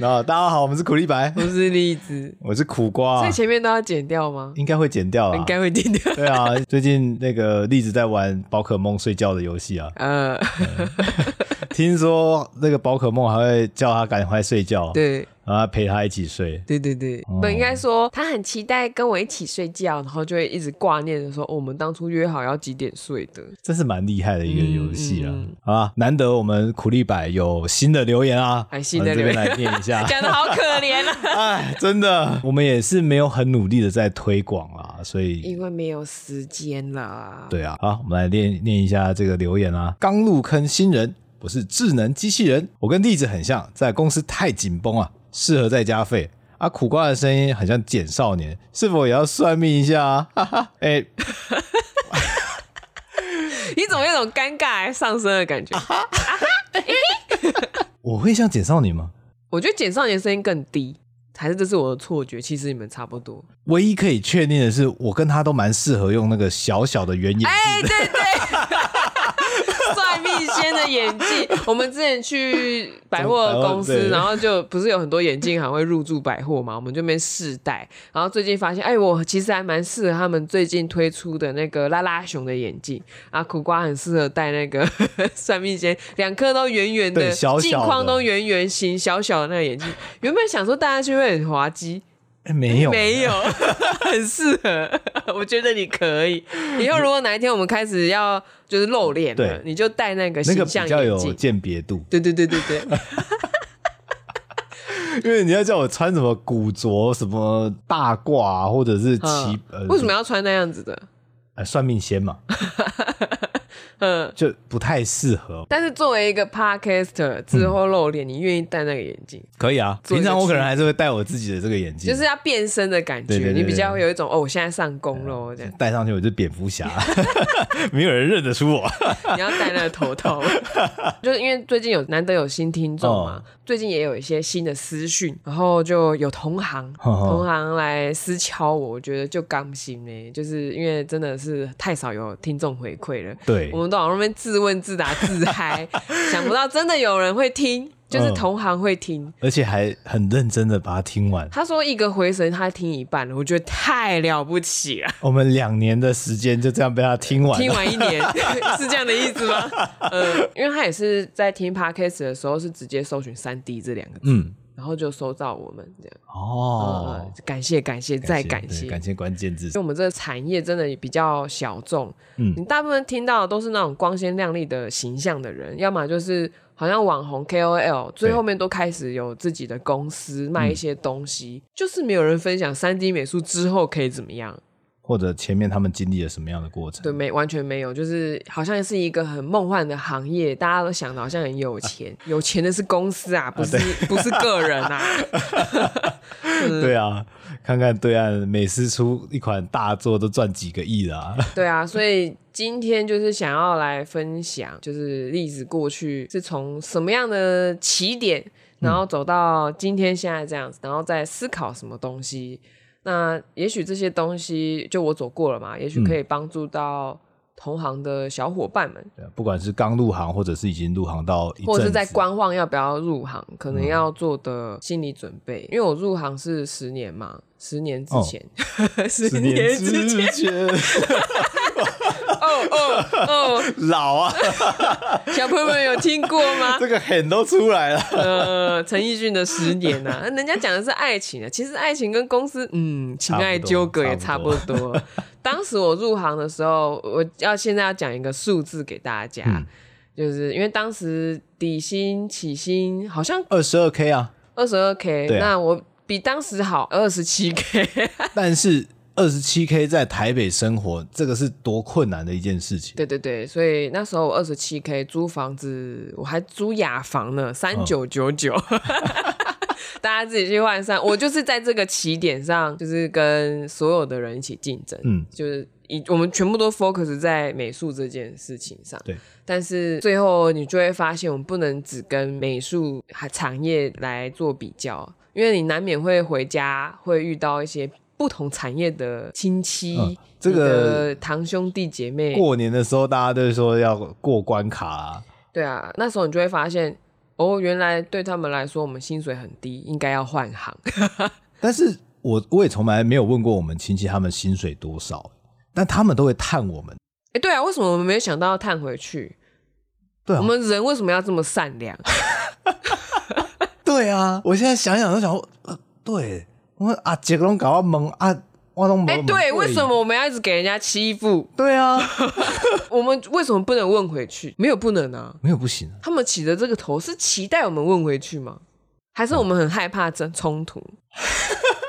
啊、哦，大家好，我們是苦力白，我是栗子，我是苦瓜、啊，所以前面都要剪掉嗎？應該會剪掉啊，應該會剪掉。 對啊，最近那個栗子在玩寶可夢睡覺的遊戲啊，嗯， 聽說那個寶可夢還會叫他趕快睡覺。對。然後陪他一起睡。對對對，本、嗯、應該說他很期待跟我一起睡覺，然後就會一直掛念著說、哦、我們當初約好要幾點睡的。真是蠻厲害的一個遊戲啊。嗯嗯、啊，難得我們苦力白有新的留言啊，還新的留言，我們這邊來念一下。 講的好可憐啊， 哎，真的，我們也是沒有很努力的在推廣啊，所以因為沒有時間啦。對啊，好，我們來念、嗯、念一下這個留言啊。剛入坑新人，不是智能機器人，我跟栗子很像，在公司太緊繃啊。適合在家廢啊！苦瓜的聲音很像簡少年，是否也要算命一下啊？哎，你怎麼有種尷尬、欸、上升的感覺？我會像簡少年嗎？我覺得簡少年聲音更低，還是這是我的錯覺？其實你們差不多。唯一可以確定的是，我跟他都蠻適合用那個小小的圓眼鏡。哎，對對，對。 的眼鏡，我們之前去百貨公司，然後就不是有很多眼鏡行會入駐百貨嘛？我們就沒試戴，然後最近發現，哎、欸，我其實還蠻適合他們最近推出的那個拉拉熊的眼鏡啊。苦瓜很適合戴那個呵呵算命仙，兩顆都圓圓的，鏡框都圓圓形，小小的那個眼鏡。原本想說大家就會很滑稽，欸、沒有、嗯、沒有， 很適合。我覺得你可以，以後如果哪一天我們開始要。就是露臉嘛，對你就戴那個形象眼鏡比較有鑑別度。對對對對對， 因為你要叫我穿什麼古着、什麼大褂，或者是騎……呵呃、為什麼要穿那樣子的？哎，算命仙嘛。 嗯、就不太適合。但是作為一個 podcaster，之後露臉，你願意戴那個眼鏡？嗯、可以啊，平常我可能還是會戴我自己的這個眼鏡，就是要變身的感覺。對對對對你比較會有一種哦，我現在上工咯，對樣戴上去我就蝙蝠俠， 沒有人認得出我。你要戴那個頭套， 就是因為最近有難得有新聽眾嘛。哦最近也有一些新的私訊，然後就有同行，哦哦同行來私敲我，我覺得揪甘心呢，就是因為真的是太少有聽眾回饋了，對，我們都往那邊自問自答自嗨， 想不到真的有人會聽。就是同行會聽，而且還很認真的把它聽完。他說一個回神，他聽一半我覺得太了不起了。我們兩年的時間就這樣被他聽完，聽完一年是這樣的意思嗎？呃，因為他也是在聽 podcast 的時候，是直接搜尋三 D 這兩個字，然後就搜到我們這樣。哦，感謝感謝再感謝，感謝關鍵字。我們這個產業真的也比較小眾，嗯，你大部分聽到的都是那種光鮮亮麗的形象的人，要麼就是。好像網紅 KOL 最後面都開始有自己的公司賣一些東西，對就是沒有人分享三 D 美術之後可以怎麼樣，或者前面他們經歷了什麼樣的過程？對，沒，完全沒有，就是好像是一個很夢幻的行業，大家都想的好像很有錢，啊、有錢的是公司啊，不是，啊、對不是個人啊。對啊。看看對岸每次出一款大作都賺幾個億啦。對啊，所以今天就是想要來分享，就是栗子過去是從什麼樣的起點，然後走到今天現在這樣子，然後再思考什麼東西。那也許這些東西就我走過了嘛，也許可以幫助到。同行的小夥伴們，對啊，不管是剛入行或者是已經入行到，或者是在觀望要不要入行，可能要做的心理準備。嗯、因為我入行是十年嘛，十年之前，哦、 十年之前。 哦哦哦，oh, oh, oh. 老啊！ 小朋友們有聽過嗎？這個狠都出來了。呃，陳奕迅的《十年》啊，人家講的是愛情啊，其實愛情跟公司，嗯，情愛糾葛也差不多。差不多，差不多，當時我入行的時候，我要現在要講一個數字給大家，嗯、就是因為當時底薪起薪好像二十二 k 啊，二十二 k、啊。那我比當時好二十七 k， 但是。二十七 k 在台北生活，這個是多困難的一件事情。對對對，所以那時候我二十七 k 租房子，我還租雅房呢，三九九九，哦、 大家自己去換算。我就是在這個起點上，就是跟所有的人一起競爭。嗯，就是以我們全部都 focus 在美術這件事情上。對，但是最後你就會發現，我們不能只跟美術產業來做比較，因為你難免會回家會遇到一些。不同產業的親戚、嗯、這個堂兄弟姐妹，過年的時候大家都會說要過關卡。啊，對啊，那時候你就會發現，哦，原來對他們來說，我們薪水很低，應該要換行。 但是我，我我也從來沒有問過我們親戚他們薪水多少，但他們都會探我們。哎、欸，對啊，為什麼我們沒有想到要探回去？對、啊、我們人為什麼要這麼善良？ 對啊，我現在想想都想、呃、對。我們啊，傑克龍搞我懵啊，我攏懵。哎，欸、對，為什麼我們要一直給人家欺負？對啊， 我們為什麼不能問回去？沒有不能啊，沒有不行、啊。他們起的這個頭是期待我們問回去嗎？還是我們很害怕爭衝、哦、突？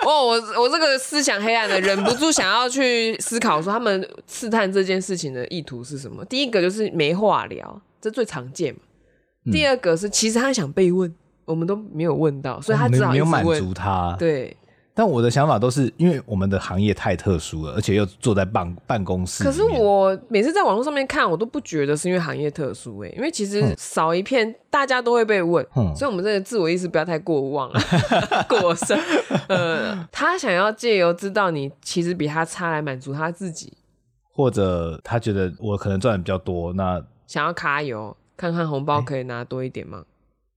哦，我我這個思想黑暗的，忍不住想要去思考說，他們試探這件事情的意圖是什麼？第一個就是沒話聊，這最常見嘛。嗯、第二個是其實他想被問，我們都沒有問到，所以他問沒有滿足他。對。但我的想法，都是因為我們的行業太特殊了，而且又坐在辦辦公室。可是我每次在網絡上面看，我都不覺得是因為行業特殊誒、欸，因為其實少一片，大家都會被問，嗯、所以我們這個自我意識不要太過旺了，嗯、 過生、呃。他想要借由知道你其實比他差來滿足他自己，或者他覺得我可能賺得比較多，那想要揩油，看看紅包可以拿多一點嗎？欸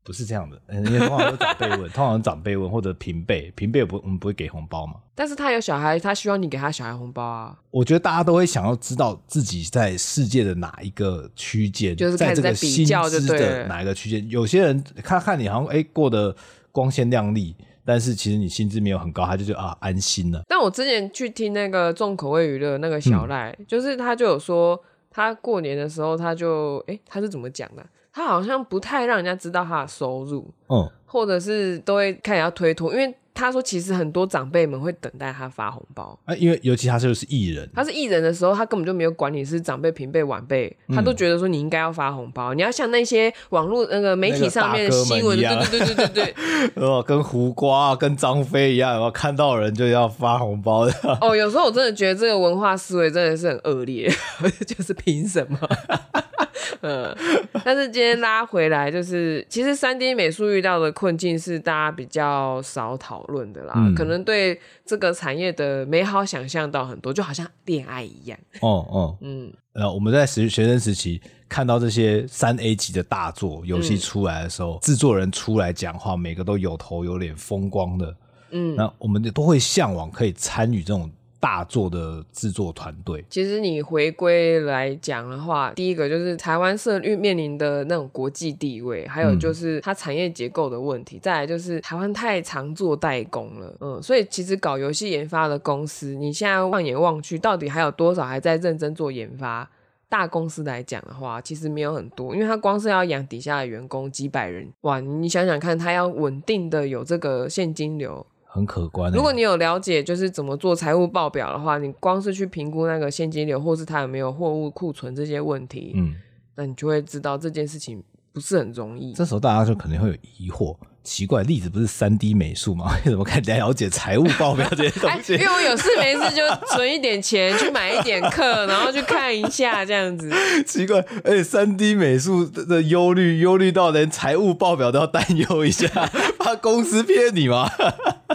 不是這樣的，因、欸、為通常都長輩問， 通常長輩問或者平輩，平輩不我們不會給紅包嘛。但是他有小孩，他希望你給他小孩紅包啊。我覺得大家都會想要知道自己在世界的哪一個區間，就是開始在這個薪資的哪一個區間。有些人看看你好像哎、欸、過得光鮮亮麗，但是其實你薪資沒有很高，他就覺得啊安心了。但我之前去聽那個重口味娛樂那個小賴，嗯、就是他就有說他過年的時候他就哎、欸、他是怎麼講的、啊？他好像不太讓人家知道他的收入，嗯、或者是都會看人家推脫，因為他說其實很多長輩們會等待他發紅包，啊，因為尤其他是就是藝人，他是藝人的時候，他根本就沒有管你是長輩、平輩、晚輩，他都覺得說你應該要發紅包，嗯、你要像那些網絡那個媒體上面的新聞，對對對對對對， 哦，跟胡瓜、跟張飛一樣，看到人就要發紅包的，哦，有時候我真的覺得這個文化思維真的是很惡劣， 就是憑什麼？ 嗯、 呃，但是今天拉回來，就是其實三 D 美術遇到的困境是大家比較少討論的啦，嗯、可能對這個產業的美好想象到很多，就好像戀愛一樣。哦哦，哦嗯，呃，我們在學學生時期看到這些三 A 級的大作遊戲出來的時候，嗯、制作人出來講話，每個都有頭有臉風光的，嗯，那我們都會向往可以參與這種。大作的製作團隊，其實你回歸來講的話，第一個就是台灣社運面臨的那種國際地位，還有就是它產業結構的問題，嗯、再來就是台灣太常做代工了，嗯，所以其實搞遊戲研發的公司，你現在放眼望去，到底還有多少還在認真做研發？大公司來講的話，其實沒有很多，因為它光是要養底下的員工幾百人，哇，你想想看，它要穩定的有這個現金流。很可觀、欸。如果你有了解，就是怎麼做財務報表的話，你光是去評估那個現金流，或是他有沒有貨物庫存這些問題，嗯，那你就會知道這件事情不是很容易。這時候大家就可能會有疑惑，奇怪，栗子不是三 D 美術嗎？為什麼看人了解財務報表這些東西、哎？因為我有事沒事就存一點錢去買一點課， 然後去看一下這樣子。奇怪，而且三 D 美術的憂慮，憂慮到連財務報表都要擔憂一下， 怕公司騙你嗎？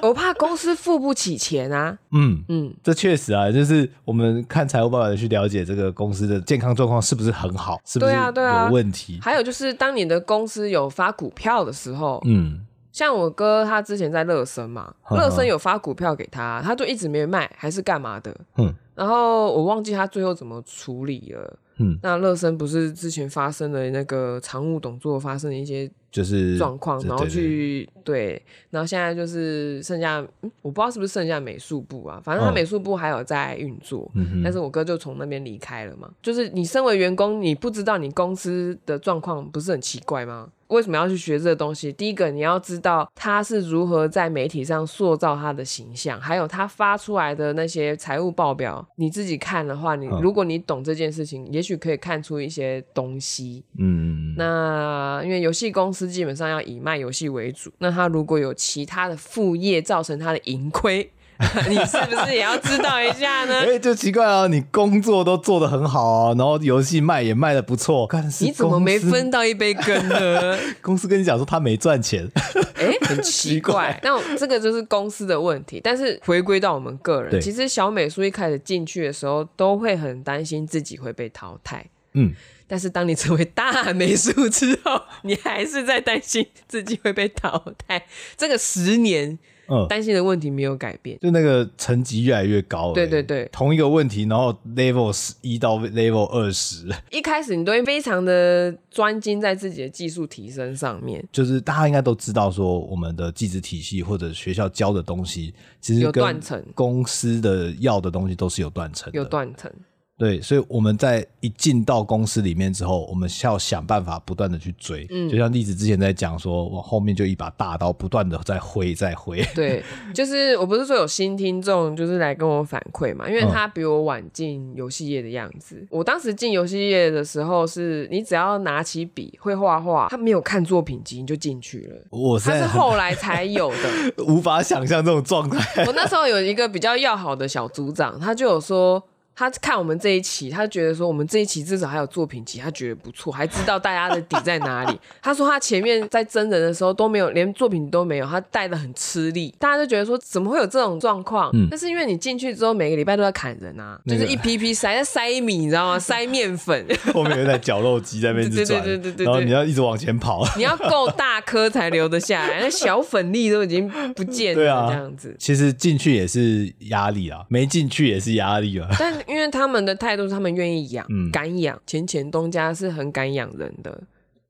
我怕公司付不起錢啊！嗯嗯，嗯，這確實啊，就是我們看財務報表去了解這個公司的健康狀況是不是很好，是不是？啊，啊，有問題，對啊對啊。還有就是，當你的公司有發股票的時候，嗯，像我哥他之前在樂陞嘛，呵呵樂陞有發股票給他，他就一直沒有賣，還是幹嘛的？嗯，然後我忘記他最後怎麼處理了。嗯，那樂陞不是之前發生的那個常務董座發生的一些。就是狀況，然後去對，對，對，對，然後現在就是剩下，嗯、我不知道是不是剩下美術部啊，反正他美術部還有在運作，哦嗯、但是我哥就從那邊離開了嘛。就是你身為員工，你不知道你公司的狀況，不是很奇怪嗎？為什麼要去學這個東西？第一個，你要知道他是如何在媒體上塑造他的形象，還有他發出來的那些財務報表。你自己看的話，你如果你懂這件事情，好也許可以看出一些東西。嗯，那因為遊戲公司基本上要以賣遊戲為主，那他如果有其他的副業造成他的盈虧。 你是不是也要知道一下呢？所以、 欸、就奇怪啊、哦，你工作都做的很好哦，然後遊戲賣也賣的不錯，幹什麼，你怎麼沒分到一杯羹呢？ 公司跟你講說他沒賺錢，哎、欸，很奇怪。 奇怪，那這個就是公司的問題。但是回歸到我們個人，對其實小美術一開始進去的時候都會很擔心自己會被淘汰。嗯，但是當你成為大美術之後，你還是在擔心自己會被淘汰。這個十年。嗯，擔心的問題沒有改變，就那個層級越來越高、欸。了。對對對，同一個問題，然後 level 一到 level 二十，一開始你都會非常的專精在自己的技術提升上面。就是大家應該都知道，說我們的技術體系或者學校教的東西，其實有斷層，公司的要的東西都是有斷層，有斷層。對，所以我們在一進到公司裡面之後，我們需要想辦法不斷的去追，嗯、就像例子之前在講說，我後面就一把大刀不斷的在揮，在揮。對，就是我不是說有新聽眾，就是來跟我反饋嘛，因為他比我晚進遊戲業的樣子。嗯、我當時進遊戲業的時候，是你只要拿起筆會畫畫，他沒有看作品集你就進去了。我他是後來才有的，無法想象這種狀態。我那時候有一個比較要好的小組長，他就有說。他看我們這一期，他覺得說我們這一期至少還有作品集，他覺得不錯，還知道大家的底在哪裡。 他說他前面在真人的時候都沒有，連作品都沒有，他帶的很吃力。大家都覺得說怎麼會有這種狀況？嗯，那是因為你進去之後，每個禮拜都在砍人啊，就是一批批塞，要塞米，你知道嗎？塞麵粉， 後面有一台絞肉機在那邊轉，對對對對對，然後你要一直往前跑， 你要夠大顆才留得下來，那小粉粒都已經不見了，這樣子。對啊，其實進去也是壓力啊，沒進去也是壓力啊，但。因為他們的態度是他們願意養，嗯、敢養。前前東家是很敢養人的，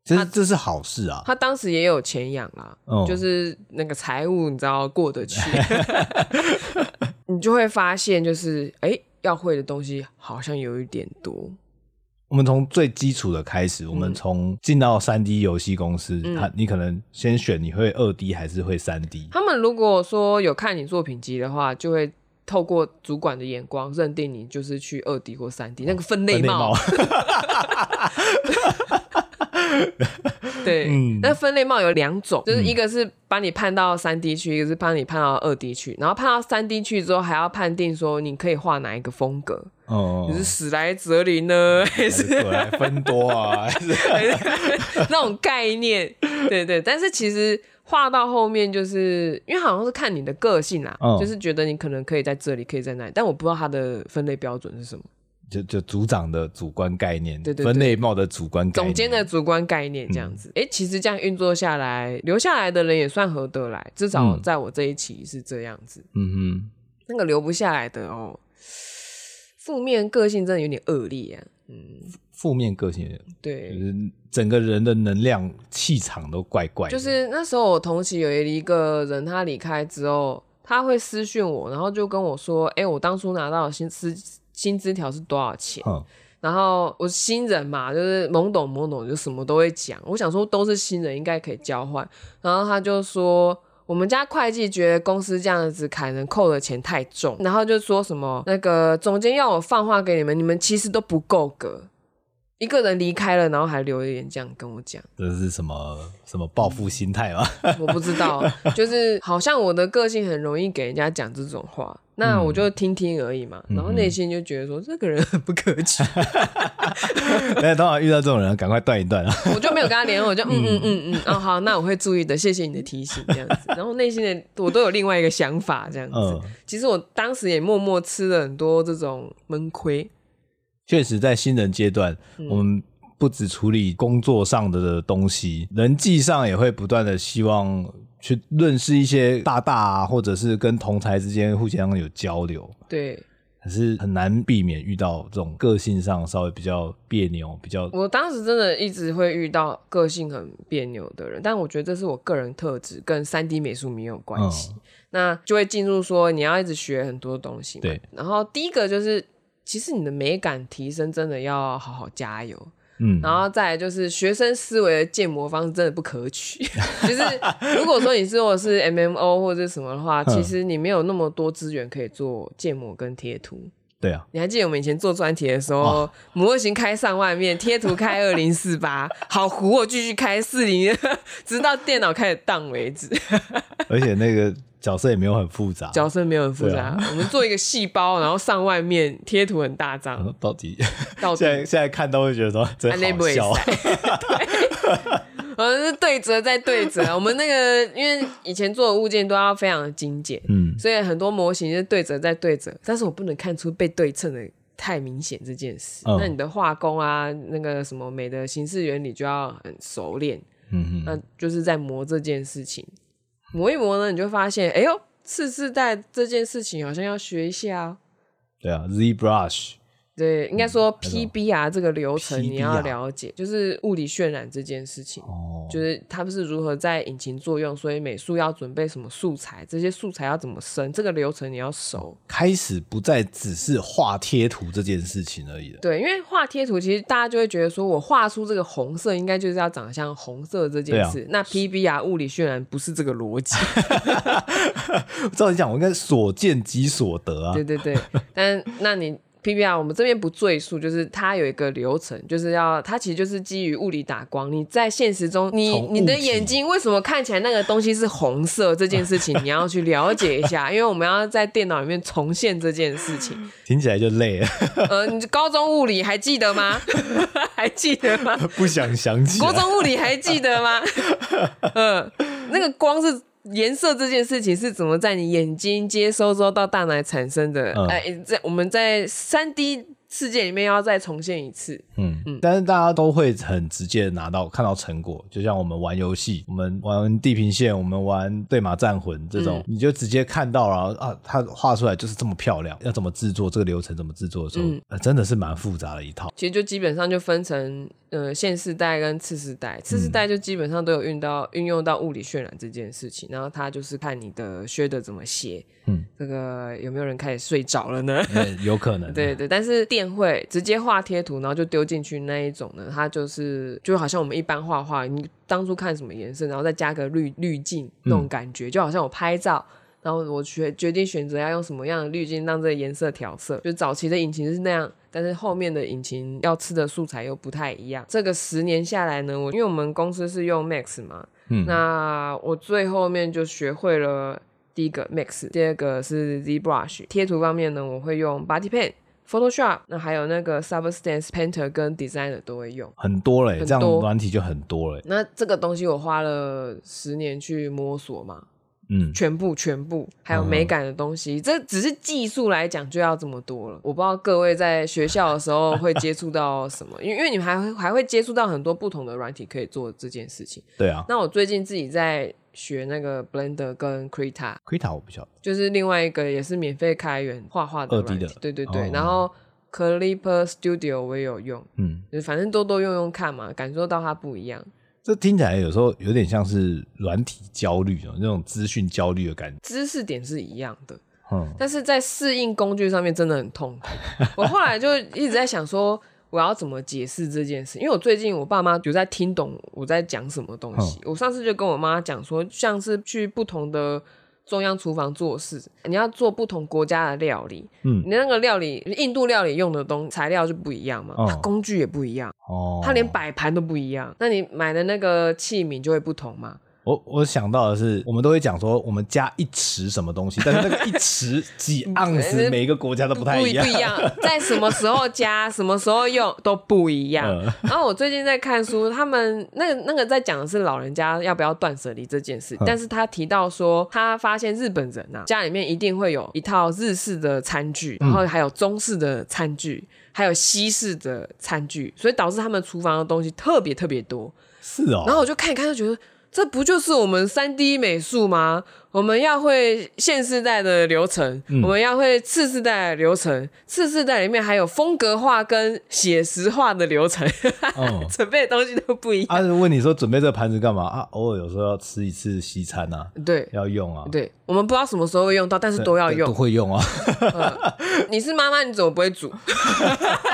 這是他這是好事啊。他當時也有錢養啦，嗯、就是那個財務你知道過得去， 你就會發現就是哎、欸，要會的東西好像有一點多。我們從最基礎的開始，我們從進到三 D 遊戲公司，嗯、他你可能先選你會二 D 還是會三 D。他們如果說有看你作品集的話，就會。透過主管的眼光認定你就是去二 D 或三 D、嗯、那個分類帽。分類帽 對，那、嗯、分類帽有兩種，就是一個是把你判到三 D 去，嗯、一個是把你判到二 D 去。然後判到三 D 去之後，還要判定說你可以畫哪一個風格，哦，你是史萊哲林呢，還是分多啊？那種概念，對對，對，但是其實。畫到後面就是因為好像是看你的個性啦，哦、就是覺得你可能可以在這裡，可以在那裡，但我不知道他的分類標準是什麼？就就組長的主觀概念，對對對，分內貌的主觀概念，總監的主觀概念這樣子。哎、嗯欸，其實這樣運作下來，留下來的人也算合得來，至少在我這一期是這樣子。嗯，嗯哼，那個留不下來的哦，負面個性真的有點惡劣啊。嗯，負面個性對，人，對，整個人的能量氣場都怪怪的。就是那時候我同期有一個人，他離開之後，他會私訊我，然後就跟我說：“哎、欸，我當初拿到的薪資薪資條是多少錢？”嗯、然後我是新人嘛，就是懵懂懵懂，就什麼都會講。我想說都是新人，應該可以交換。然後他就說。我們家會計覺得公司這樣子砍人扣的錢太重，然後就說什麼那個總監要我放話給你們，你們其實都不夠格，一個人離開了，然後還留一點這樣跟我講，這是什麼什麼報復心態嗎？嗯，我不知道，就是好像我的個性很容易給人家講這種話。那我就聽聽而已嘛，嗯、然後內心就覺得說、嗯、這個人很不可取。 等會，當然遇到這種人，趕快斷一斷啊！ 我就沒有跟他聯絡，我就嗯嗯嗯嗯， 哦好，那我會注意的，謝謝你的提醒這樣子。 然後內心的我都有另外一個想法這樣子。嗯、其實我當時也默默吃了很多這種悶虧。確實，在新人階段，嗯、我們不只處理工作上的東西，人際上也會不斷的希望。去認識一些大大啊，或者是跟同才之間互相有交流，對，可是很難避免遇到這種個性上稍微比較彆扭，比較。我當時真的一直會遇到個性很彆扭的人，但我覺得這是我個人特質跟 3D 美術沒有關係。嗯，那就會進入說，你要一直學很多東西，對。然後第一個就是，其實你的美感提升真的要好好加油。嗯，然後再來就是學生思維的建模方式真的不可取。 就是如果說你做的是，是 MMO 或者什麼的話，其實你沒有那麼多資源可以做建模跟貼圖。對啊，你還記得我們以前做專題的時候，模型開上萬面，貼圖開二零四八，好糊，哦，繼續開四零，直到電腦開始當為止。而且那個。角色也沒有很複雜，角色沒有很複雜。啊、我們做一個細胞，然後上外面貼圖很大張。到底，到底，現在現在看都會覺得說真好笑。哈哈哈，我們是對折再對折。我們那個因為以前做的物件都要非常的精簡，嗯，所以很多模型是對折再對折。但是我不能看出被對稱的太明顯這件事。嗯、那你的畫工啊，那個什麼美的形式原理就要很熟練，嗯哼，那就是在磨這件事情。磨一磨呢，你就發現，哎呦，次世代這件事情好像要學一下。對啊、yeah，ZBrush。對，應該說 P B R 這個流程你要了解， 就是物理渲染這件事情，oh. 就是它不是如何在引擎作用，所以美術要準備什麼素材，這些素材要怎麼生，這個流程你要熟。開始不再只是畫貼圖這件事情而已了。對，因為畫貼圖其實大家就會覺得說，我畫出這個紅色，應該就是要長得像紅色這件事。啊、那 P B R 物理渲染不是這個邏輯。我 照理講，我應該所見即所得啊。對對對，但那你。PBR，我們這邊不贅述，就是它有一個流程，就是要它其實就是基於物理打光。你在現實中，你你的眼睛為什麼看起來那個東西是紅色？這件事情你要去了解一下， 因為我們要在電腦裡面重現這件事情。聽起來就累了。嗯、 呃，你高中物理還記得嗎？ 還記得嗎？不想想起。高中物理還記得嗎？ 嗯，那個光是。顏色這件事情是怎麼在你眼睛接收之後到大腦產生的？哎，uh. 欸，在我們在 3D。世界裡面要再重現一次，嗯嗯，嗯，但是大家都會很直接拿到看到成果，就像我們玩遊戲，我們玩《地平線》，我們玩《對馬戰魂》這種，嗯、你就直接看到然後啊，它畫出來就是這麼漂亮。要怎麼制作這個流程？怎麼制作的時候，嗯，呃、真的是蠻複雜的一套。其實就基本上就分成呃現世代跟次世代，次世代就基本上都有運到運、嗯、用到物理渲染這件事情，然後它就是看你的 shader 怎麼寫。嗯，這個有沒有人開始睡着了呢、嗯？有可能。 對對，但是。宴會直接畫貼圖，然後就丟進去那一種呢？它就是就好像我們一般畫畫，你當初看什麼顏色，然後再加個濾濾鏡那種感覺，嗯、就好像我拍照，然後我決決定選擇要用什麼樣的濾鏡讓這個顏色調色。就早期的引擎是那樣，但是後面的引擎要吃的素材又不太一樣。這個十年下來呢，我因為我們公司是用 Max 嘛，嗯、那我最後面就學會了第一個 Max，第二個是 Z Brush 貼圖方面呢，我會用 Body Paint。Photoshop，那還有那個 Substance Painter 跟 Designer 都會用很多嘞，多這樣軟體就很多嘞。那這個東西我花了十年去摸索嘛，嗯全，全部全部還有美感的東西，嗯、哼這只是技術來講就要這麼多了。我不知道各位在學校的時候會接觸到什麼，因為 因為你們還會還會接觸到很多不同的軟體可以做這件事情。對啊，那我最近自己在。學那個 Blender 跟 Krita，Krita 我不曉得，就是另外一個也是免費開源畫畫的二 D 的，對對對。哦，然後 Clipper Studio 我也有用，嗯，就反正多多用用看嘛，感受到它不一樣。這聽起來有時候有點像是軟體焦慮哦，那種資訊焦慮的感覺。知識點是一樣的，嗯，但是在適應工具上面真的很痛苦。 我後來就一直在想說。我要怎麼解釋這件事？因為我最近我爸媽有在聽懂我在講什麼東西。哦、我上次就跟我媽講說，像是去不同的中央廚房做事，你要做不同國家的料理，嗯，你那個料理，印度料理用的東西材料就不一樣嘛，哦、它工具也不一樣，哦，它連擺盤都不一樣，哦、那你買的那個器皿就會不同嘛。我我想到的是，我們都會講說我們加一匙什麼東西，但是那個一匙幾盎司，每一個國家都不太一樣 不不不。不一樣，在什麼時候加，什麼時候用都不一樣。嗯、然後我最近在看書，他們那那個在講的是老人家要不要斷捨離這件事，嗯、但是他提到說，他發現日本人呢、啊，家裡面一定會有一套日式的餐具，然後還有中式的餐具，還有西式的餐具，所以導致他們廚房的東西特別特別多。是哦，然後我就看一看，就覺得。這不就是我們 3D 美術嗎？我們要會現世代的流程，嗯、我們要會次世代的流程，次世代裡面還有風格化跟寫實化的流程，嗯、 準備的東西都不一樣。啊，問你說準備這個盤子幹嘛啊？偶爾有時候要吃一次西餐呐、啊，對，要用啊。對，我們不知道什麼時候會用到，但是都要用，都都會用啊。 嗯、你是媽媽，你怎麼不會煮？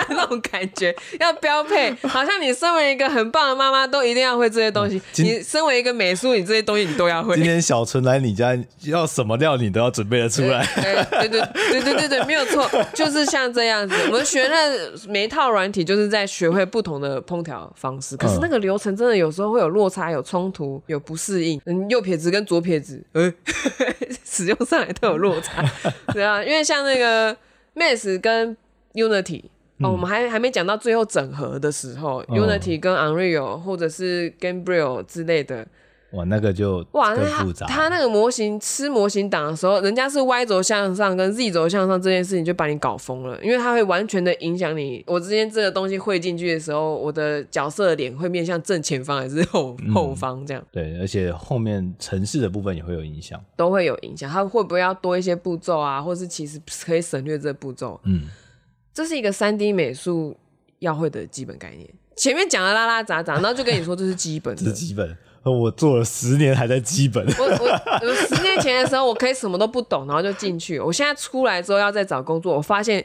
那種感覺要標配，好像你身為一個很棒的媽媽，都一定要會這些東西。嗯、你身為一個美術，你這些東西你都要會。今天小陳來你家，要什麼料你都要準備得出來，欸，對對對對對對，沒有錯，就是像這樣子。我們學的每一套軟體，就是在學會不同的烹調方式。嗯、可是那個流程真的有時候會有落差，有衝突，有不適應。嗯，右撇子跟左撇子，欸、 使用上來都有落差。對啊，因為像那個 Max 跟 Unity、嗯、哦，我們還還沒講到最後整合的時候、嗯、Unity 跟 Unreal 或者是 Gamebryo 之類的。哇，那個就複雜了哇，那他他那個模型吃模型檔的時候，人家是 Y 軸向上跟 Z 軸向上這件事情就把你搞瘋了，因為它會完全的影響你。我之前這個東西匯進去的時候，我的角色的臉會面向正前方還是後、嗯、後方這樣？對，而且後面程式的部分也會有影響，都會有影響。它會不會要多一些步驟啊？或是其實可以省略這步驟？嗯，這是一個三 D 美術要會的基本概念。前面講的拉拉雜雜，然後就跟你說這是基本， 這是基本。我做了十年還在基本。我我十年前的時候我可以什麼都不懂，然後就進去。我現在出來之後要再找工作，我發現，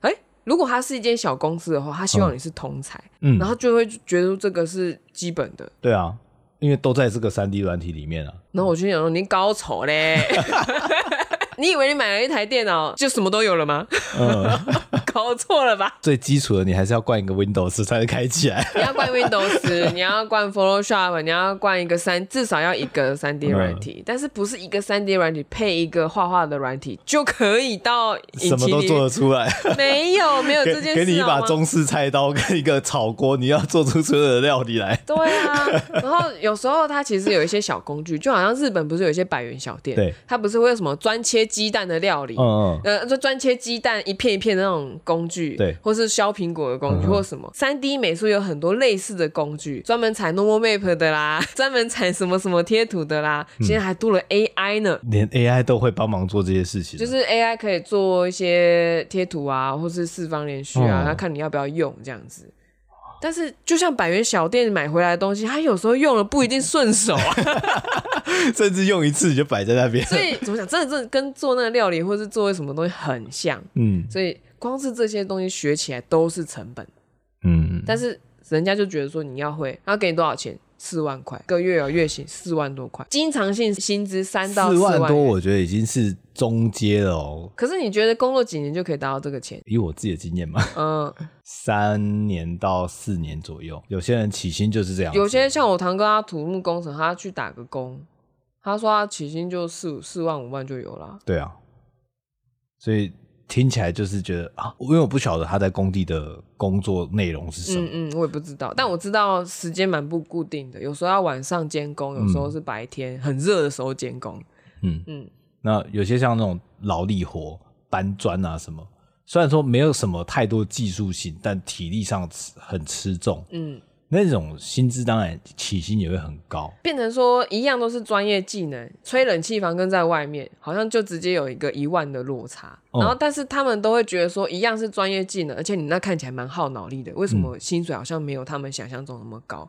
哎、欸，如果他是一間小公司的話，他希望你是通才，嗯、然後就會覺得這個是基本的。對啊，因為都在這個 3D 軟體裡面啊。然後我就想說，你搞醜嘞。 你以為你買了一台電腦就什麼都有了嗎？嗯， 搞錯了吧？最基礎的你還是要灌一個 Windows 才能開起來。你要灌 Windows， 你要灌 Photoshop，你要灌一個三，至少要一個 3D 軟體。嗯、但是不是一個 3D 軟體配一個畫畫的軟體就可以到？什麼都做得出來？ 沒有，沒有這件事。給，給你一把中式菜刀跟一個炒鍋，你要做出所有的料理來。對啊。然後有時候它其實有一些小工具，就好像日本不是有一些百元小店？對。它不是會有什麼專切雞蛋的料理，嗯嗯、哦哦，呃，就專切雞蛋一片一片的那種工具，對，或是削蘋果的工具，嗯哦、或什麼。三 D 美術有很多類似的工具，專門採 Normal Map 的啦，專門採什麼什麼貼圖的啦。嗯、現在還多了 AI 呢，連 AI 都會幫忙做這些事情。就是 AI 可以做一些貼圖啊，或是四方連續啊，那、嗯哦、看你要不要用這樣子。但是，就像百元小店買回來的東西，它有時候用了不一定順手啊， 甚至用一次你就擺在那邊。所以，怎麼講，真的真的跟做那個料理或是做些什麼東西很像，嗯。所以，光是這些東西學起來都是成本，嗯。但是人家就覺得說你要會，然後給你多少錢？四萬塊，個月有月薪四萬多塊，經常性薪資三到四萬，四萬多，我覺得已經是。中階哦，可是你覺得工作幾年就可以達到這個錢？以我自己的經驗嘛，嗯，三年到四年左右，有些人起薪就是這樣。有些人像我堂哥他土木工程，他去打個工，他說他起薪就四四萬五萬就有了。對啊，所以聽起來就是覺得啊，因為我不曉得他在工地的工作內容是什麼，嗯嗯，我也不知道，但我知道時間蠻不固定的，有時候要晚上監工，有時候是白天，嗯、很熱的時候監工，嗯嗯。嗯那有些像那種勞力活，搬磚啊什麼，雖然說沒有什麼太多技術性，但體力上很吃重，嗯，那種薪資當然起薪也會很高。變成說一樣都是專業技能，吹冷氣房跟在外面，好像就直接有一個一萬的落差。嗯，然後，但是他們都會覺得說一樣是專業技能，而且你那看起來蠻耗腦力的，為什麼薪水好像沒有他們想象中那麼高？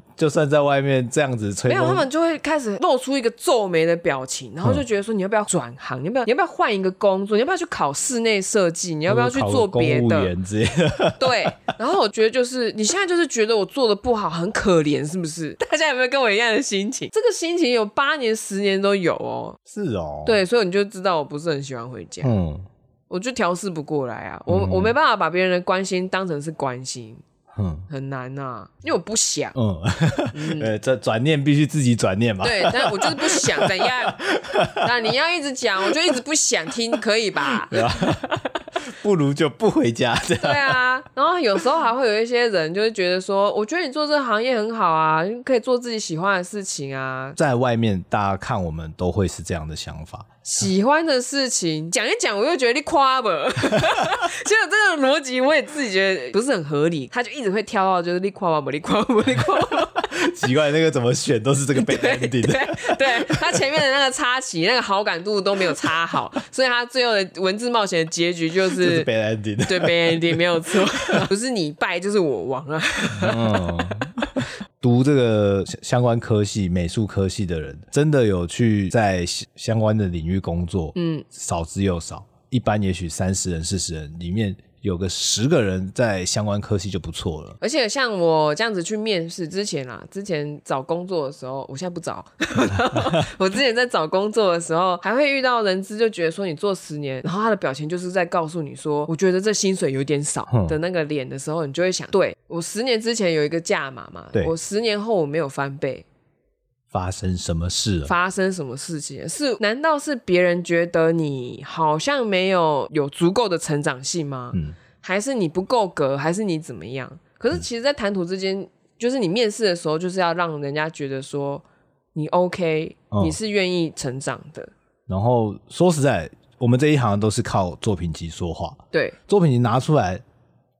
就算在外面這樣子吹，沒有他們就會開始露出一個皺眉的表情，然後就覺得說你要不要轉行，嗯、你要不要你要不要換一個工作，你要不要去考室內設計，你要不要去做別的？的、嗯。對，然後我覺得就是 你現在就是覺得我做得不好，很可憐，是不是？大家有沒有跟我一樣的心情？這個心情有八年、十年都有哦。是哦。對，所以你就知道我不是很喜歡回家。嗯，我就調試不過來啊，嗯嗯我我沒辦法把別人的關心當成是關心。嗯，很難吶、啊，因為我不想。嗯，對、嗯，轉、欸、轉念必須自己轉念嘛。對，但我就是不想。 等一下，那你要一直講， 我就一直不想聽，可以吧？不如就不回家這樣。對啊，然後有時候還會有一些人，就是覺得說，我覺得你做這個行業很好啊，可以做自己喜歡的事情啊。在外面，大家看我們都會是這樣的想法。嗯、喜歡的事情講一講，我又覺得你誇吧。其實這種邏輯我也自己覺得不是很合理。他就一直會挑到，就是你誇吧，你誇吧，你誇吧。 奇怪，那個怎麼選都是這個 bad ending。對對 對，他前面的那個插旗，那個好感度都沒有插好，所以他最後的文字冒險的結局就是。是 bad ending，對 bad ending 沒有錯， 不是你敗就是我亡啊。嗯 ，oh. 讀這個相關科系、美術科系的人，真的有去在相關的領域工作，嗯，mm. 少之又少，一般也許三十人、四十人裡面。有個十個人在相關科系就不錯了，而且像我這樣子去面試之前啦，之前找工作的時候，我現在不找， 我之前在找工作的時候還會遇到人資就覺得說你做十年，然後他的表情就是在告訴你說，我覺得這薪水有點少的那個臉的時候，哼你就會想，對，我十年之前有一個價碼嘛，我十年後我沒有翻倍。發生什麼事了？發生什麼事情？是難道是別人覺得你好像沒有有足夠的成長性嗎？嗯，還是你不夠格，還是你怎麼樣？可是其實，在談吐之間，嗯，就是你面試的時候，就是要讓人家覺得說你 OK，嗯，你是願意成長的。然後說實在，我們這一行都是靠作品集說話。對，作品集拿出來，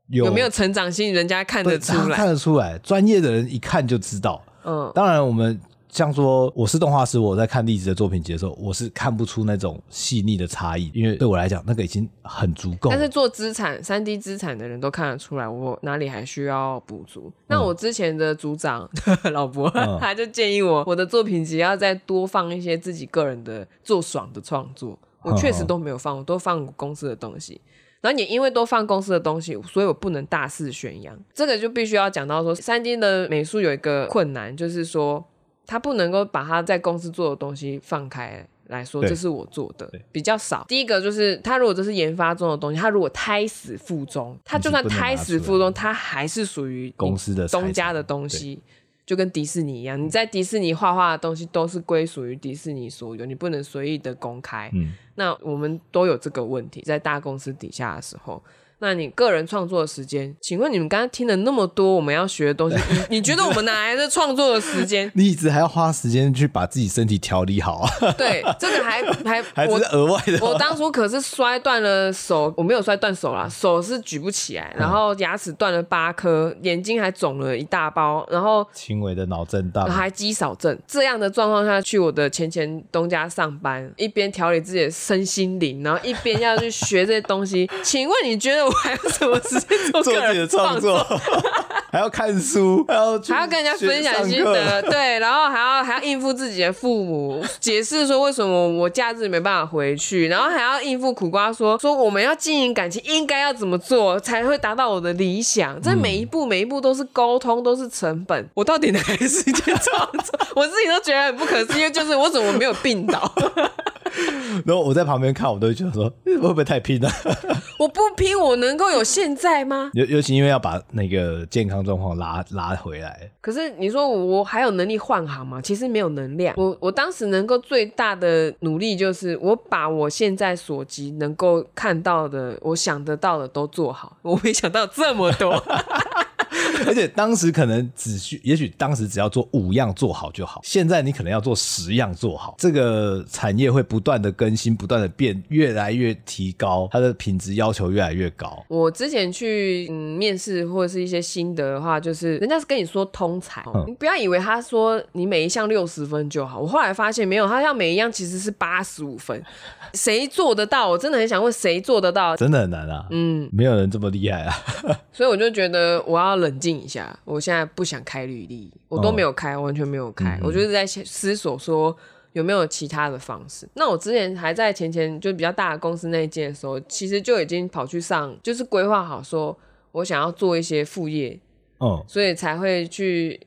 有，有沒有成長性，人家看得出來，看得出來，專業的人一看就知道。嗯，當然我們。像說我是動畫師，我在看栗子的作品集的時候，我是看不出那種細膩的差異，因為對我來講，那個已經很足夠了。但是做資產三 D 資產的人都看得出來，我哪裡還需要補足？那我之前的組長、嗯、老伯他就建議我，嗯、我的作品集要再多放一些自己個人的做爽的創作。我確實都沒有放，我都放公司的東西。然後也因為都放公司的東西，所以我不能大肆宣揚。這個就必須要講到說，三 D 的美術有一個困難，就是說。他不能夠把他在公司做的東西放開來說，對這是我做的對比較少。第一個就是，他如果這是研發中的東西，他如果胎死腹中，他就算胎死腹中，他還是屬於公司的東家的東西，對就跟迪士尼一樣，你在迪士尼畫畫的東西都是歸屬於迪士尼所有，你不能隨意的公開。嗯。那我們都有這個問題，在大公司底下的時候。那你個人創作的時間？請問你們剛剛聽了那麼多我們要學的東西，你，你覺得我們哪來的創作的時間？ 你一直還要花時間去把自己身體調理好啊？ 對，真的還還還是額外的我。我當初可是摔斷了手，我沒有摔斷手啦，手是舉不起來，然後牙齒斷了八顆，眼睛還腫了一大包，然後輕微的腦震盪，還肌少症。這樣的狀況下去，我的前前東家上班，一邊調理自己的身心靈，然後一邊要去學這些東西。 請問你覺得我？還有什麼時間做自己的創作，還要看書， 還要去還要跟人家分享心得，對，然後還要還要應付自己的父母，解釋說為什麼我假日沒辦法回去，然後還要應付苦瓜說，說說我們要經營感情，應該要怎麼做才會達到我的理想？這每一步、嗯、每一步都是溝通，都是成本。我到底哪一時間創作， 我自己都覺得很不可思議，因為就是為我怎麼沒有病倒？ 然後我在旁邊看，我都覺得說我會不會太拼了？ 我不拼，我能夠有現在嗎？尤尤其因為要把那個健康狀況拉拉回來。可是你說我還有能力換行嗎？其實沒有能量。我我當時能夠最大的努力，就是我把我現在所及能夠看到的、我想得到的都做好。我沒想到這麼多。 而且當時可能只需，也許當時只要做五樣做好就好。現在你可能要做十樣做好。這個產業會不斷的更新，不斷的變，越來越提高，它的品質要求越來越高。我之前去、嗯、面試或者是一些心得的話，就是人家是跟你說通才，嗯、你不要以為他說你每一項六十分就好。我後來發現沒有，他像每一樣其實是八十五分，誰做得到？我真的很想問，誰做得到？真的很難啊。嗯，沒有人這麼厲害啊。所以我就覺得我要冷靜。定一下，我現在不想開履歷，我都沒有開，哦、完全沒有開，我就是在思索說有沒有其他的方式。嗯、哼那我之前還在前前就比較大的公司那一間的時候，其實就已經跑去上，就是規劃好說我想要做一些副業，哦，所以才會去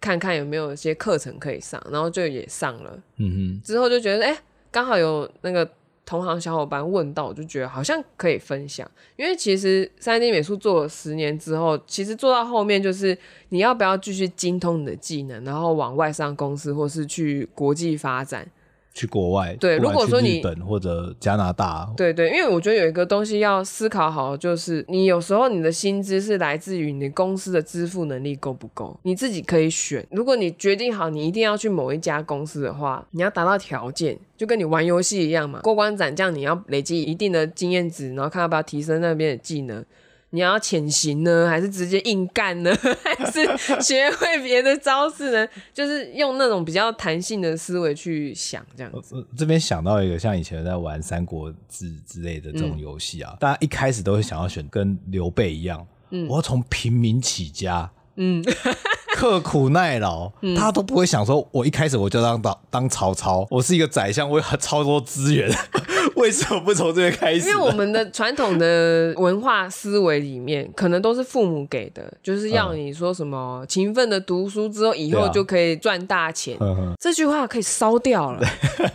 看看有沒有一些課程可以上，然後就也上了。嗯哼，之後就覺得哎，剛好有那個。同行小夥伴問到，我就覺得好像可以分享，因為其實 3D 美術做了十年之後，其實做到後面就是你要不要繼續精通你的技能，然後往外商公司或是去國際發展。去國外，對，如果說你日本或者加拿大，對對，因為我覺得有一個東西要思考好，就是你有時候你的薪資是來自於你公司的支付能力夠不夠，你自己可以選。如果你決定好你一定要去某一家公司的話，你要達到條件，就跟你玩遊戲一樣嘛，過關斬將，你要累積一定的經驗值，然後看要不要提升那邊的技能。你要潛行呢，還是直接硬幹呢？還是學會別的招式呢？ 就是用那種比較彈性的思維去想，這樣子。這邊想到一個，像以前在玩三國志之類的這種遊戲啊，大家、嗯、一開始都會想要選跟劉備一樣，嗯，我要從平民起家，嗯， 刻苦耐勞，他、嗯、都不會想說，我一開始我就當當曹操，我是一個宰相，我有超多資源。 為什麼不從這邊開始？因為我們的傳統的文化思維裡面，可能都是父母給的，就是要你說什麼、嗯、勤奮的讀書之後，以後就可以賺大錢。嗯嗯嗯、這句話可以燒掉了，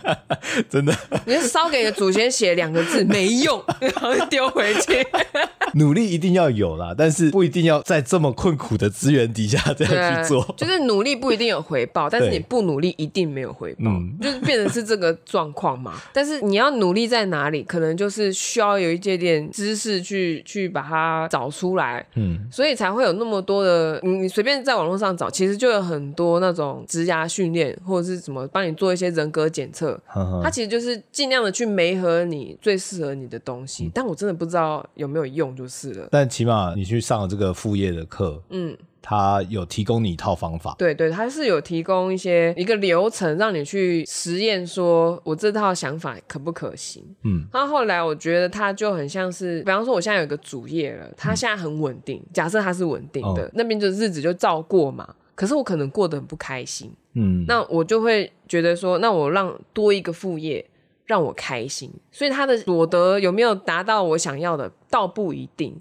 真的。你燒給你祖先寫兩個字沒用，然後丟回去。 努力一定要有啦，但是不一定要在這麼困苦的資源底下這樣去做。啊、就是努力不一定有回報，但是你不努力一定沒有回報，對就是變成是這個狀況嘛。但是你要努力在。在哪裡？可能就是需要有一點點知識去去把它找出來，嗯，所以才會有那麼多的你、嗯。你隨便在網絡上找，其實就有很多那種職涯訓練或者是什麼，幫你做一些人格檢測。呵呵它其實就是盡量的去媒合你最適合你的東西。嗯、但我真的不知道有沒有用，就是了。但起碼你去上了這個副業的課，嗯。他有提供你一套方法，對對，他是有提供一些一個流程，讓你去實驗，說我這套想法可不可行？嗯，那後來我覺得他就很像是，比方說我現在有一個主業了，他現在很穩定，嗯、假設他是穩定的，嗯、那邊的日子就照過嘛。可是我可能過得很不開心，嗯，那我就會覺得說，那我讓多一個副業讓我開心，所以他的所得有沒有達到我想要的，倒不一定。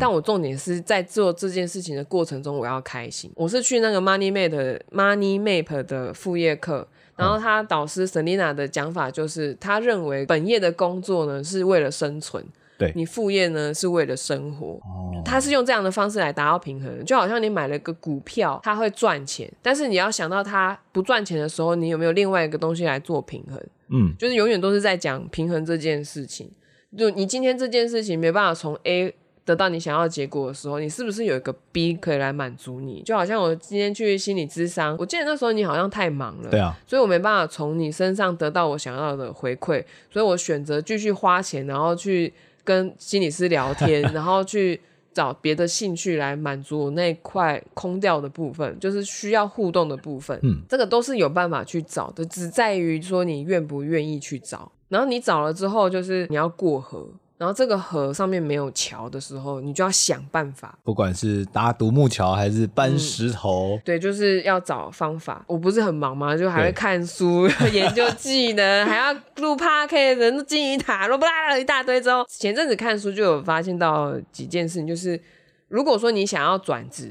但我重點是在做這件事情的過程中，我要開心。我是去那個 Money Map Money Map 的副業課，然後他導師 Selina 的講法就是，他認為本業的工作呢是為了生存，你副業呢是為了生活。他是用這樣的方式來達到平衡，就好像你買了個股票，他會賺錢，但是你要想到他不賺錢的時候，你有沒有另外一個東西來做平衡？嗯，就是永遠都是在講平衡這件事情。就你今天這件事情沒辦法從 A 得到你想要的結果的時候，你是不是有一個逼可以來滿足你？就好像我今天去心理諮商，我記得那時候你好像太忙了，對啊，所以我沒辦法從你身上得到我想要的回饋，所以我選擇繼續花錢，然後去跟心理師聊天，然後去找別的興趣來滿足我那塊空掉的部分，就是需要互動的部分。嗯，這個都是有辦法去找的，只在於說你願不願意去找。然後你找了之後，就是你要過河。然後這個河上面沒有橋的時候，你就要想辦法，不管是搭獨木橋還是搬石頭。嗯，對，就是要找方法。我不是很忙嘛，就還會看書、對研究技能， 還要錄 p k 人 c a s t 經營塔羅布拉一大堆。之後前陣子看書就有發現到幾件事情，就是如果說你想要轉職，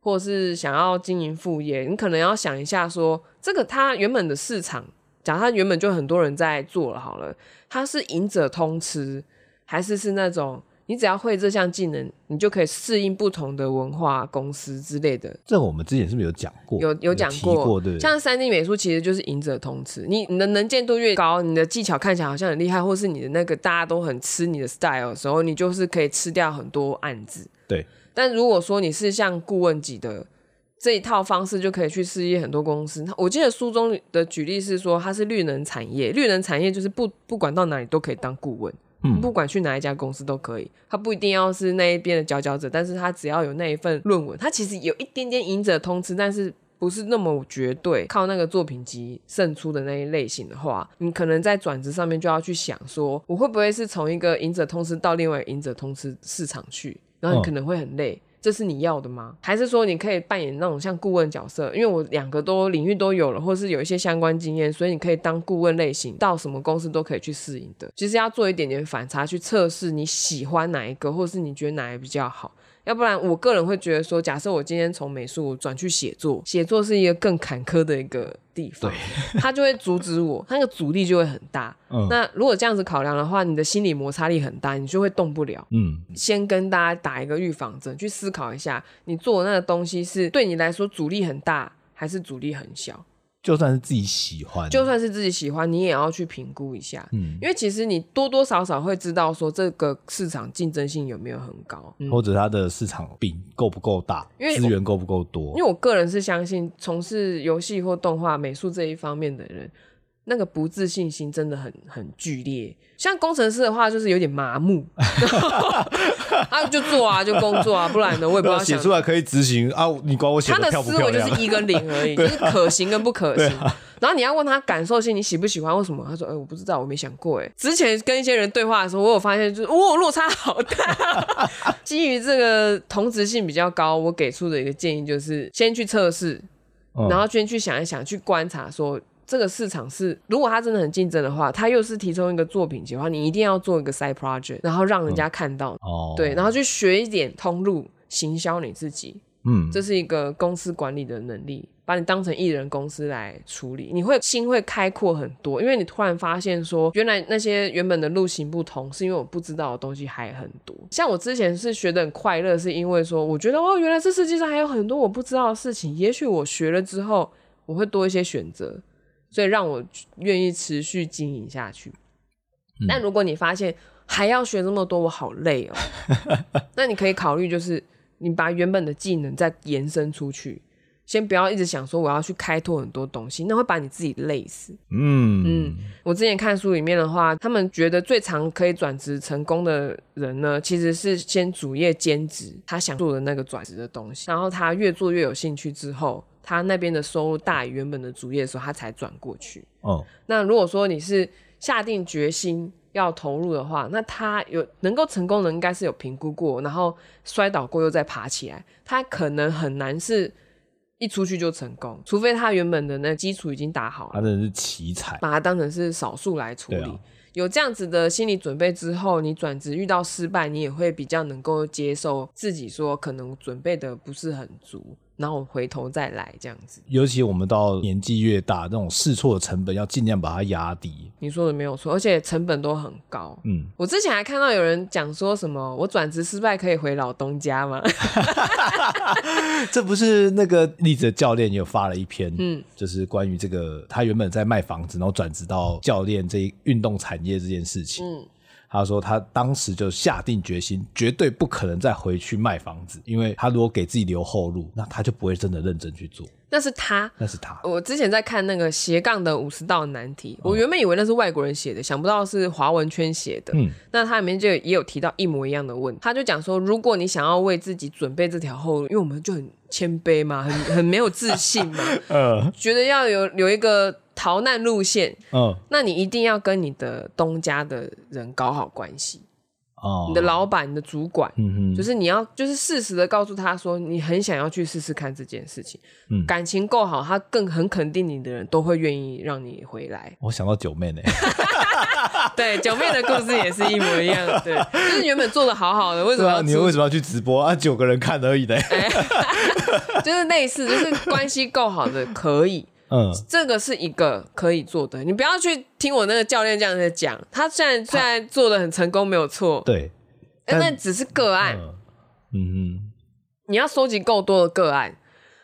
或者是想要經營副業，你可能要想一下說，這個它原本的市場，假它原本就很多人在做了，好了，它是贏者通吃。還是是那種，你只要會這項技能，你就可以適應不同的文化公司之類的。這我們之前是不是有講過？有有講過、過，對、對。像三 D 美術其實就是贏者通吃，你你的能見度越高，你的技巧看起來好像很厲害，或是你的那個大家都很吃你的 style 的時候，你就是可以吃掉很多案子。對。但如果說你是像顧問級的這一套方式，就可以去適應很多公司。我記得書中的舉例是說，它是綠能產業，綠能產業就是不不管到哪裡都可以當顧問。嗯、不管去哪一家公司都可以，他不一定要是那一邊的佼佼者，但是他只要有那一份論文，他其實有一點點贏者通吃，但是不是那麼絕對。靠那個作品集勝出的那一類型的話，你可能在轉職上面就要去想說，我會不會是從一個贏者通吃到另外一個贏者通吃市場去，然後你可能會很累。嗯這是你要的嗎？還是說你可以扮演那種像顧問角色？因為我兩個都領域都有了，或是有一些相關經驗，所以你可以當顧問類型，到什麼公司都可以去適應的。其實要做一點點反差，去測試你喜歡哪一個，或是你覺得哪一個比較好。要不然，我個人會覺得說，假設我今天從美術轉去寫作，寫作是一個更坎坷的一個地方，對 它他就會阻止我，它那個阻力就會很大。哦、那如果這樣子考量的話，你的心理摩擦力很大，你就會動不了。嗯，先跟大家打一個預防針，去思考一下，你做的那個東西是對你來說阻力很大，還是阻力很小？就算是自己喜歡，就算是自己喜歡，你也要去評估一下，嗯，因為其實你多多少少會知道說這個市場競爭性有沒有很高，嗯、或者它的市場餅夠不夠大，因為資源夠不夠多。因為我個人是相信從事遊戲或動畫美術這一方面的人。那個不自信心真的很很劇烈。像工程師的話，就是有點麻木， 他就做啊就工作啊， 不然呢我也不知道。寫出來可以執行啊，你管我寫的漂不漂亮？他的思維就是一跟零而已， 啊、就是可行跟不可行。啊、然後你要問他感受性，你喜不喜歡？為什麼？他說：“呃、欸，我不知道，我沒想過。”之前跟一些人對話的時候，我有發現，就是哦，落差好大。 基於這個同質性比較高，我給出的一個建議就是：先去測試，然後先去想一想，嗯、去觀察說。這個市場是，如果他真的很競爭的話，他又是提出一個作品集的話，你一定要做一個 side project，然後讓人家看到，嗯、對，然後去學一點通路行銷你自己，嗯，這是一個公司管理的能力，把你當成藝人公司來處理，你會心會開闊很多，因為你突然發現說，原來那些原本的路行不通，是因為我不知道的東西還很多。像我之前是學得很快樂，是因為說，我覺得哦，原來這世界上還有很多我不知道的事情，也許我學了之後，我會多一些選擇。所以讓我願意持續經營下去。但如果你發現還要學這麼多，我好累哦。那你可以考慮，就是你把原本的技能再延伸出去，先不要一直想說我要去開拓很多東西，那會把你自己累死。嗯嗯。我之前看書裡面的話，他們覺得最常可以轉職成功的人呢，其實是先主業兼職，他想做的那個轉職的東西，然後他越做越有興趣之後。他那邊的收入大於原本的主業的時候，他才轉過去。哦，那如果說你是下定決心要投入的話，那他有能夠成功的應該是有評估過，然後摔倒過又再爬起來，他可能很難是一出去就成功，除非他原本的那基礎已經打好了。他真的是奇才，把他當成是少數來處理。啊，有這樣子的心理準備之後，你轉職遇到失敗，你也會比較能夠接受自己說可能準備的不是很足。然後回頭再來這樣子，尤其我們到年紀越大，那種試錯的成本要儘量把它壓低。你說的沒有錯，而且成本都很高。嗯，我之前還看到有人講說什麼，我轉職失敗可以回老東家嗎？ 這不是那個栗子的教練也有發了一篇，嗯，就是關於這個他原本在賣房子，然後轉職到教練這一運動產業這件事情，嗯。他說，他當時就下定決心，絕對不可能再回去賣房子，因為他如果給自己留後路，那他就不會真的認真去做。那是他，那是他。我之前在看那個斜槓的五十道難題，我原本以為那是外國人寫的，哦、想不到是華文圈寫的。嗯，那他裡面就也有提到一模一樣的問題，他就講說，如果你想要為自己準備這條後路，因為我們就很謙卑嘛，很很沒有自信嘛，嗯、 呃，覺得要有有一個。逃難路線，嗯，那你一定要跟你的東家的人搞好關係哦。你的老闆，你的主管，嗯哼就是你要就是事實的告訴他說，你很想要去試試看這件事情，嗯，感情夠好，他更很肯定你的人都會願意讓你回來。我想到九妹呢， 對，九 妹的故事也是一模一樣，對，就是原本做的好好的，為什麼要？啊、你為什麼要去直播啊？九個人看而已的， 就是類似，就是關係夠好的可以。嗯，這個是一個可以做的，你不要去聽我那個教練這樣在講。他現在雖然做的很成功，他沒有錯。對，但那只是個案。嗯嗯，嗯你要收集夠多的個案，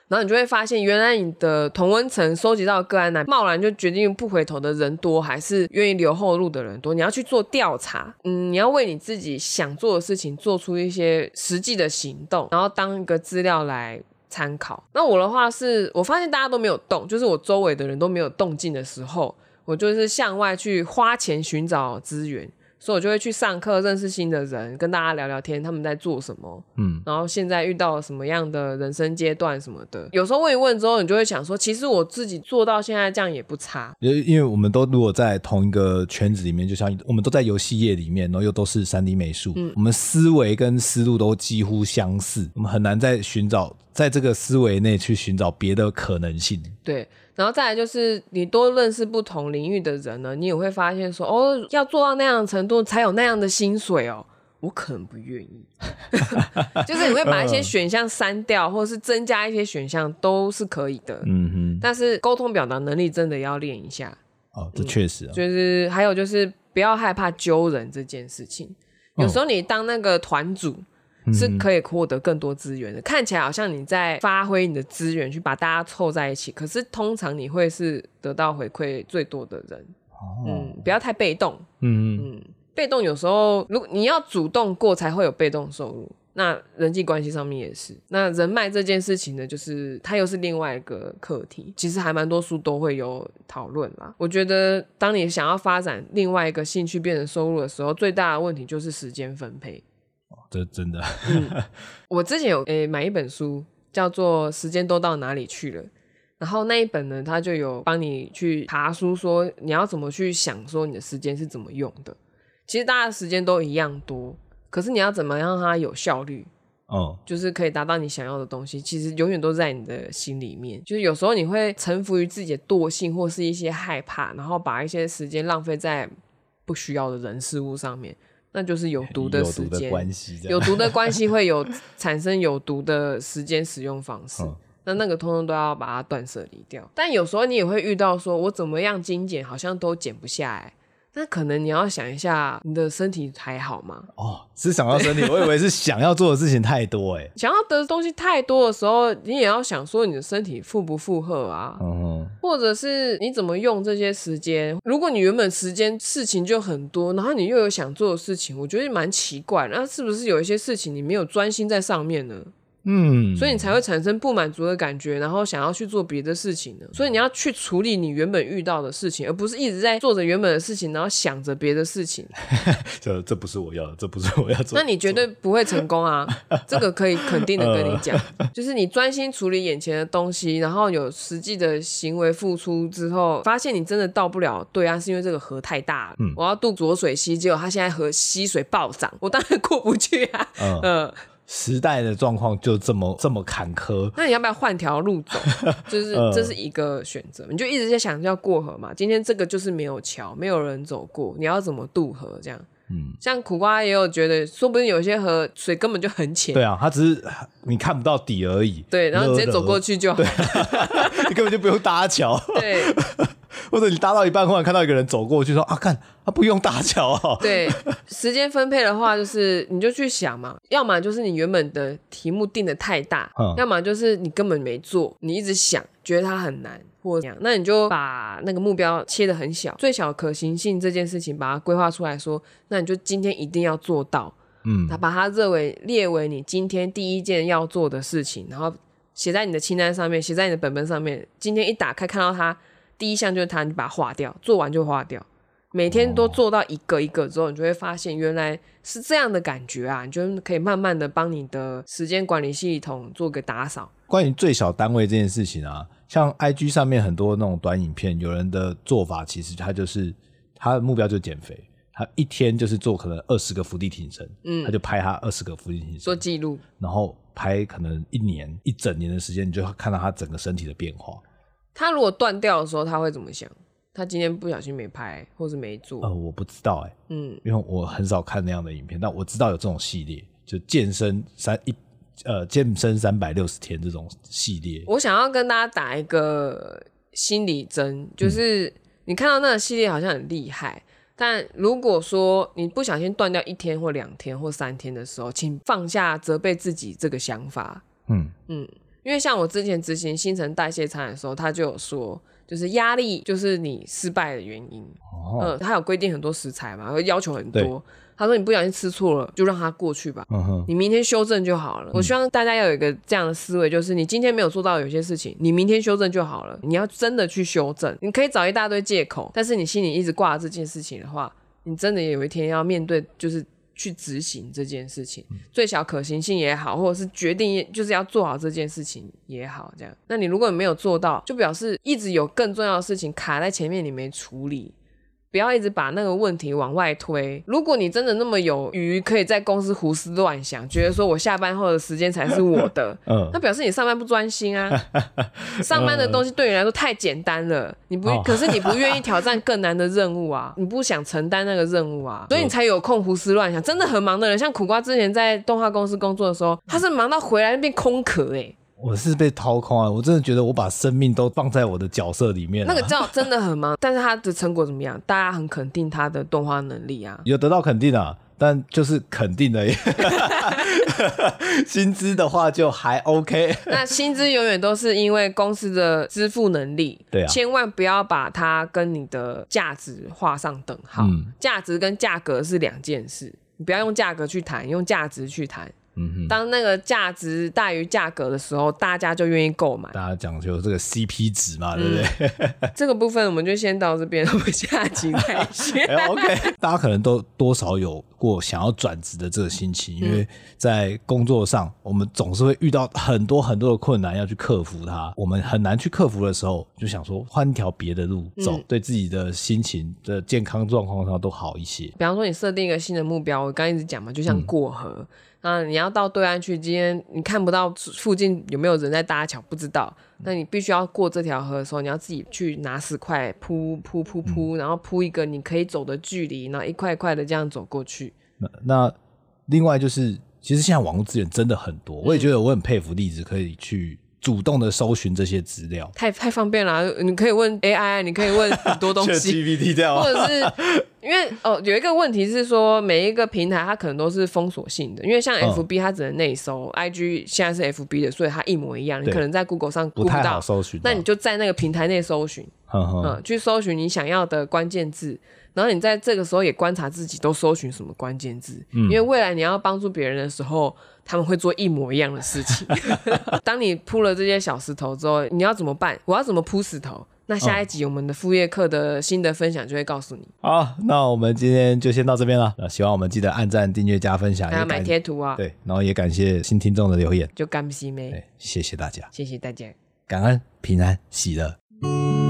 然後你就會發現，原來你的同溫層收集到個案來，那貿然就決定不回頭的人多，還是願意留後路的人多？你要去做調查，嗯，你要為你自己想做的事情做出一些實際的行動，然後當一個資料來參考。那我的話是，我發現大家都沒有動，就是我周圍的人都沒有動靜的時候，我就是向外去花錢尋找資源。所以，我就會去上課，認識新的人，跟大家聊聊天，他們在做什麼，嗯，然後現在遇到了什麼樣的人生階段什麼的，有時候問一問之後，你就會想說，其實我自己做到現在這樣也不差。因為我們都如果在同一個圈子裡面，就像我們都在遊戲業裡面，然後又都是三 D 美術，嗯，我們思維跟思路都幾乎相似，我們很難再尋找，在這個思維內去尋找別的可能性。對。然後再來就是你多認識不同領域的人呢，你也會發現說哦，要做到那樣程度才有那樣的薪水哦，我可能不願意。 就是你會把一些選項刪掉，或者是增加一些選項都是可以的。嗯哼。但是溝通表達能力真的要練一下。哦，這確實、嗯。就是還有就是不要害怕揪人這件事情。哦，有時候你當那個團組是可以獲得更多資源的，嗯、看起來好像你在發揮你的資源去把大家湊在一起，可是通常你會是得到回饋最多的人。哦、嗯，不要太被動。嗯嗯，被動有時候如果你要主動過，才會有被動收入。那人際關係上面也是，那人脈這件事情呢，就是它又是另外一個課題。其實還蠻多書都會有討論啦。我覺得當你想要發展另外一個興趣變成收入的時候，最大的問題就是時間分配。這真的、 嗯，我之前有誒、欸、買一本書，叫做《時間都到哪裡去了》，然後那一本呢，它就有幫你去查書，說你要怎麼去想，說你的時間是怎麼用的。其實大家的時間都一樣多，可是你要怎麼讓它有效率，哦，就是可以達到你想要的東西。其實永遠都在你的心裡面，就是有時候你會臣服於自己的惰性或是一些害怕，然後把一些時間浪費在不需要的人事物上面。那就是有毒的時間，有毒的關係，有毒的關係會有產生有毒的時間使用方式， 嗯、那那個通通都要把它斷捨離掉。但有時候你也會遇到，說我怎麼樣精簡，好像都減不下來。那可能你要想一下，你的身體還好嗎？哦，是想要身體，對我以為是想要做的事情太多哎、欸， 想要得的東西太多的時候，你也要想說你的身體負不負荷啊？嗯。或者是你怎麼用這些時間？如果你原本時間事情就很多，然後你又有想做的事情，我覺得蠻奇怪。那、啊、是不是有一些事情你沒有專心在上面呢？嗯，所以你才會產生不滿足的感覺，然後想要去做別的事情呢。所以你要去處理你原本遇到的事情，而不是一直在做着原本的事情，然後想着別的事情。這 這不是我要的，這不是我要做。那你絕對不會成功啊， 這個可以肯定的跟你講。 呃、 就是你專心處理眼前的東西，然後有實際的行為付出之後，發現你真的到不了，對啊，是因為這個河太大了。嗯、我要渡濁水溪，結果它現在河溪水暴漲，我當然過不去啊。嗯。呃時代的狀況就這麼這麼坎坷，那你要不要換條路走？就是這是一個選擇， 呃、你就一直在想要過河嘛。今天這個就是沒有橋，沒有人走過，你要怎麼渡河？這樣，嗯，像苦瓜也有覺得，說不定有些河水根本就很淺。對啊，它只是你看不到底而已。對，然後直接走過去就好，你根本就不用搭橋。 對。或者你搭到一半，忽然看到一個人走過去，說：“啊，看，他、啊、不用搭橋。”對， 時間分配的話，就是你就去想嘛，要麼就是你原本的題目定得太大，嗯、要麼就是你根本沒做，你一直想，覺得它很難，或者怎樣，那你就把那個目標切得很小，最小可行性這件事情，把它規劃出來，說，那你就今天一定要做到，嗯，把它認為列為你今天第一件要做的事情，然後寫在你的清單上面，寫在你的本本上面，今天一打開看到它。第一項就是它，你把它劃掉，做完就劃掉。每天都做到一個一個之後，你就會發現原來是這樣的感覺啊！你就可以慢慢的幫你的時間管理系統做個打掃。關於最小單位這件事情啊，像 I G 上面很多那種短影片，有人的做法其實他就是他的目標就是減肥，他一天就是做可能二十個伏地挺身，嗯，他就拍他二十個伏地挺身做記錄，然後拍可能一年一整年的時間，你就看到他整個身體的變化。他如果斷掉的時候，他會怎麼想？他今天不小心沒拍，或是沒做？呃，我不知道哎、欸，嗯，因為我很少看那樣的影片，但我知道有這種系列，就健身三一呃，健身三百六十天這種系列。我想要跟大家打一個心理針，就是你看到那個系列好像很厲害，嗯、但如果說你不小心斷掉一天或兩天或三天的時候，請放下責備自己這個想法。嗯嗯。嗯因為像我之前執行新陳代謝餐的時候，他就有說，就是壓力就是你失敗的原因。Uh huh. 嗯，他有規定很多食材嘛，會要求很多。對他說你不小心吃錯了，就讓它過去吧，uh huh. 你明天修正就好了。Uh huh. 我希望大家要有一個這樣的思維，就是你今天沒有做到有些事情，你明天修正就好了。你要真的去修正，你可以找一大堆借口，但是你心裡一直掛着這件事情的話，你真的有一天要面對就是。去執行這件事情，最小可行性也好，或者是決定就是要做好這件事情也好，這樣。那你如果你沒有做到，就表示一直有更重要的事情卡在前面，你沒處理。不要一直把那個問題往外推。如果你真的那麼有餘，可以在公司胡思亂想，覺得說我下班後的時間才是我的，那表示你上班不專心啊。上班的東西對你來說太簡單了，你不，可是你不願意挑戰更難的任務啊，你不想承擔那個任務啊，所以你才有空胡思亂想。真的很忙的人，像苦瓜之前在動畫公司工作的時候，他是忙到回來那邊空殼誒。我是被掏空啊！我真的覺得我把生命都放在我的角色裡面、啊。那個 job 真的很忙， 但是他的成果怎麼樣？大家很肯定他的動畫能力啊，有得到肯定啊，但就是肯定而已。 薪資的話就還 OK。 那薪資永遠都是因為公司的支付能力。啊、千萬不要把它跟你的價值畫上等號。價、嗯、值跟價格是兩件事，你不要用價格去談，用價值去談。嗯，當那個價值大於價格的時候，大家就願意購買。大家講究這個 CP 值嘛，對不對？嗯、這個部分我們就先到這邊，下期再聊。OK，大家可能都多少有過想要轉職的這個心情，嗯、因為在工作上，我們總是會遇到很多很多的困難要去克服它。我們很難去克服的時候，就想說換一條別的路走，嗯、對自己的心情的、這個、健康狀況上都好一些。比方說，你設定一個新的目標，我剛剛一直講嘛，就像過河。嗯啊，那你要到對岸去，今天你看不到附近有沒有人在搭橋，不知道。那你必須要過這條河的時候，你要自己去拿石塊鋪鋪鋪鋪，然後鋪一個你可以走的距離，然後一塊一塊的這樣走過去那。那另外就是，其實現在網絡資源真的很多，我也覺得我很佩服，栗子可以去。嗯主動的搜尋這些資料，太太方便了，啊。你可以問 AI，你可以問很多東西， 掉或者是因為哦，有一個問題是說，每一個平台它可能都是封鎖性的，因為像 FB 它只能內搜、嗯、，IG 現在是 FB 的，所以它一模一樣。對你可能在 Google 上不到，不搜尋那你就在那個平台內搜尋，嗯，哼嗯，去搜尋你想要的關鍵字，然後你在這個時候也觀察自己都搜尋什麼關鍵字，嗯、因為未來你要幫助別人的時候。他們會做一模一樣的事情。 當你鋪了這些小石頭之後，你要怎麼辦？我要怎麼鋪石頭？那下一集我們的副業課的新的分享就會告訴你。嗯。好，那我們今天就先到這邊了。那希望我們記得按讚、訂閱、加分享，也還有買貼圖啊。對，然後也感謝新聽眾的留言，就乾不西咩？對，謝謝大家，謝謝大家，感恩平安喜樂。